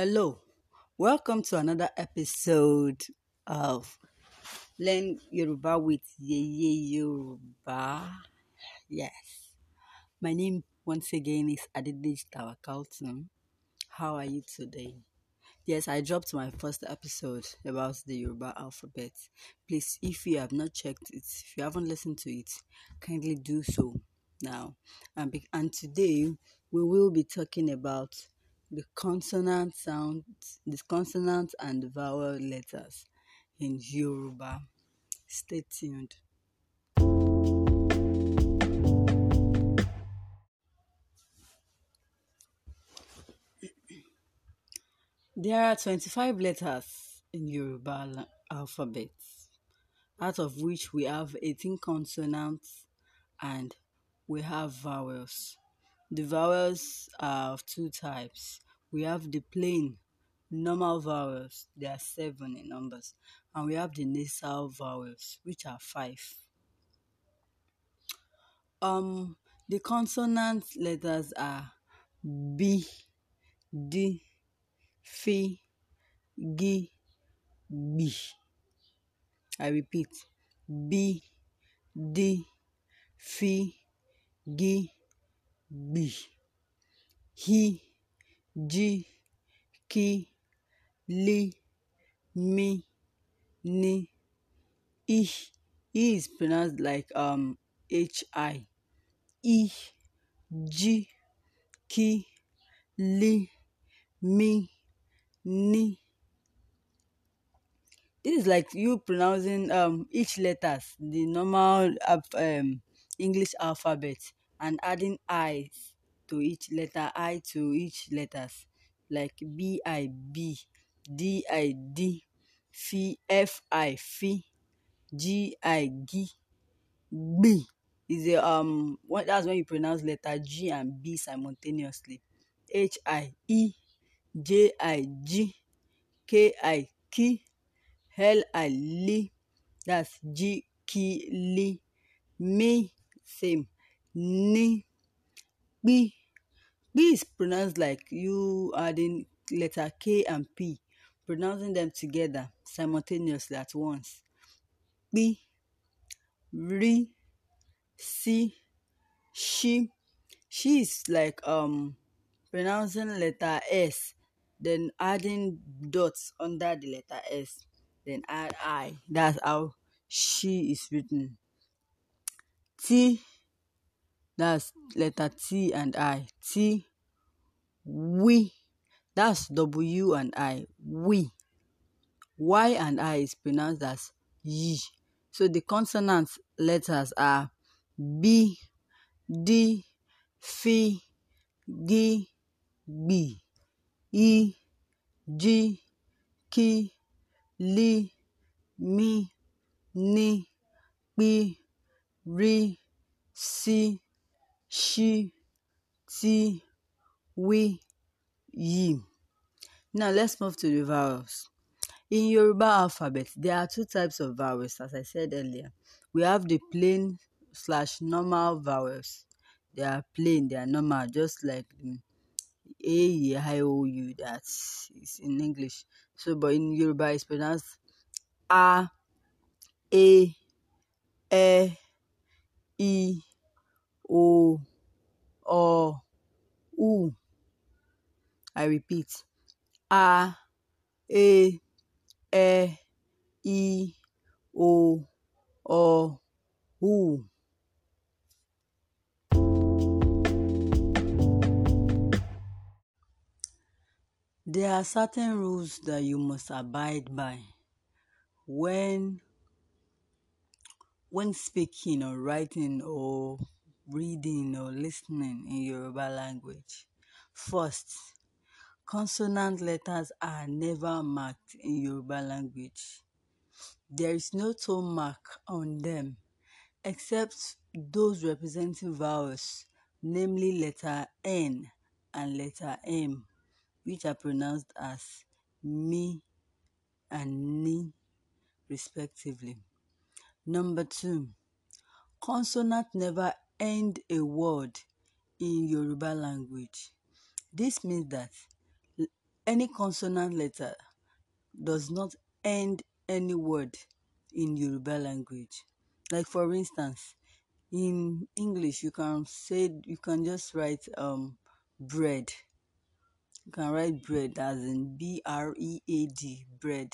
Hello, welcome to another episode of Learn Yoruba with Yeye Yoruba. Yes, my name once again is Adidij Tawakalton. How are you today? Yes, I dropped my first episode about the Yoruba alphabet. Please, if you have not checked it, if you haven't listened to it, kindly do so now. And, be- and today we will be talking about the consonant sounds, the consonant and the vowel letters in Yoruba. Stay tuned. There are 25 letters in Yoruba alphabet, out of which we have 18 consonants and we have vowels. The vowels are of two types. We have the plain normal vowels, there are seven in numbers, and we have the nasal vowels, which are five. Um, the consonant letters are B, D, F, G, B. I repeat, B, D, F, G, bì He, ji ki li mi ni e is pronounced like um hi ki li mi ni this is like you pronouncing um each letters the normal um english alphabet and adding i's to each letter i to each letters like B I B, D I D, F I F, G I G, B is a um when, that's when you pronounce letter g and b simultaneously h i e j i g k i k l i l that's g k l me same ni, is pronounced like you adding letter K and P, pronouncing them together simultaneously at once. Bi, ri, si, she. She is like um pronouncing letter S, then adding dots under the letter S, then add I. That's how she is written. T that's letter T and I. T, we. That's W and I. We. Y and I is pronounced as Y. So the consonant letters are B, D, F, G, B, E, G, K, L, M, N, P, R, C, she, ti, we, yi. Now let's move to the vowels. In Yoruba alphabet, there are two types of vowels, as I said earlier. We have the plain slash normal vowels. They are plain, they are normal, just like A, E, I, O, U, that is in English. So, but in Yoruba, it's pronounced A, A, E, E, O, or who, I repeat, a, a, e, i, o, o, who. There are certain rules that you must abide by when when speaking or writing or reading or listening in Yoruba language. First, consonant letters are never marked in Yoruba language. There is no tone mark on them except those representing vowels, namely letter N and letter M, which are pronounced as me and ni, respectively. Number two, consonant never end a word in Yoruba language. This means that any consonant letter does not end any word in Yoruba language. Like for instance, in English you can say you can just write um bread. You can write bread as in B R E A D bread.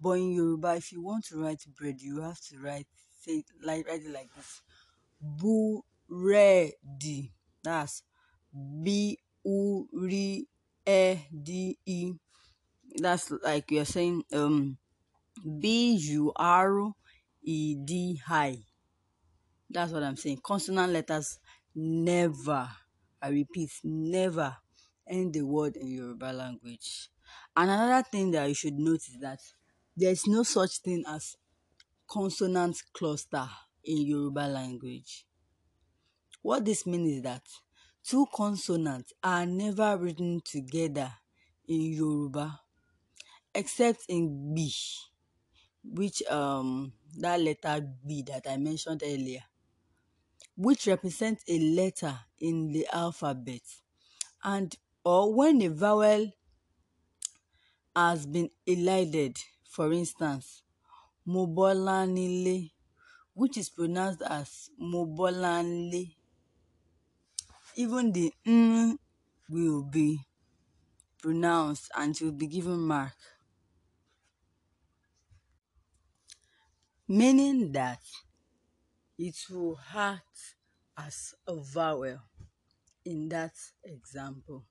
But in Yoruba, if you want to write bread, you have to write say like write it like this búrẹ́dì that's b-u-r-e-d-i that's like you're saying um b-u-r-e-d-i that's what I'm saying consonant letters never I repeat never end the word in Yoruba language and another thing that you should note is that there's no such thing as consonant cluster in Yoruba language. What this means is that two consonants are never written together in Yoruba except in B, which um that letter B that I mentioned earlier, which represents a letter in the alphabet, and or when a vowel has been elided, for instance, Mobolanile which is pronounced as Mobolanle. Even the N will be pronounced and will be given mark. Meaning that it will act as a vowel in that example.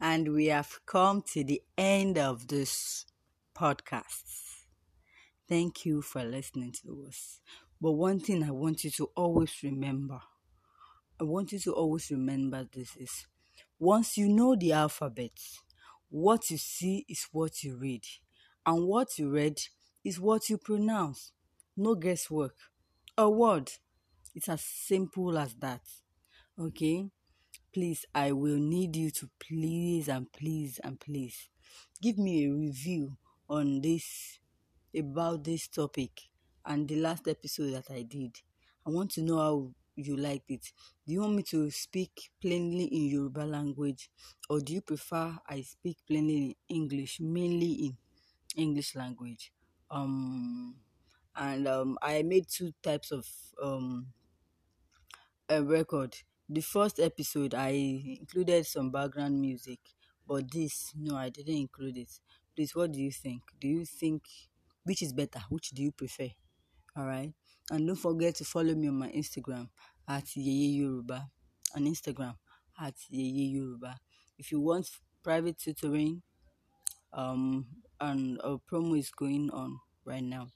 and we have come to the end of this podcast. Thank you for listening to us. But one thing I want you to always remember I want you to always remember this is once you know the alphabet, what you see is what you read, and what you read is what you pronounce. No guesswork. A word. It's as simple as that. Okay? please i will need you to please and please and please give me a review on this about this topic and the last episode that i did i want to know how you liked it do you want me to speak plainly in yoruba language or do you prefer i speak plainly in english mainly in english language um and um i made two types of um a record the first episode I included some background music, but this no, I didn't include it. Please, what do you think? Do you think which is better? Which do you prefer? All right, and don't forget to follow me on my Instagram at Yeye Yoruba, on Instagram at Yeye Yoruba. If you want private tutoring, um, and a uh, promo is going on right now.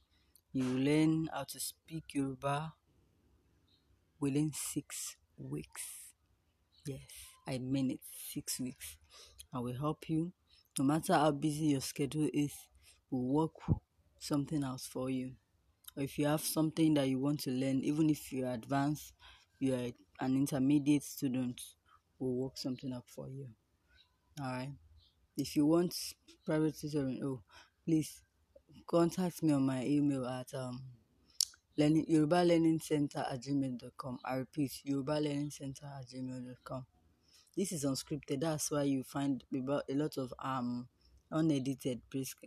You learn how to speak Yoruba within six weeks. Yes, I mean it, six weeks. I will help you. No matter how busy your schedule is, we'll work something else for you. Or if you have something that you want to learn, even if you're advanced, you're an intermediate student, we'll work something up for you. Alright. If you want private tutoring, oh please contact me on my email at um learning Yoruba Learning Center at gmail.com. I repeat, Yoruba Learning Center at gmail.com. This is unscripted, that's why you find about a lot of um unedited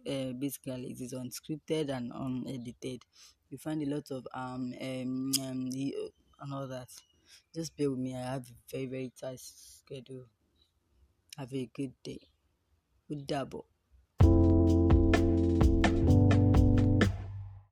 eh, basically it is unscripted and unedited you find a lot of um um, um and all that just bear with me i have a very very tight schedule have a good day good double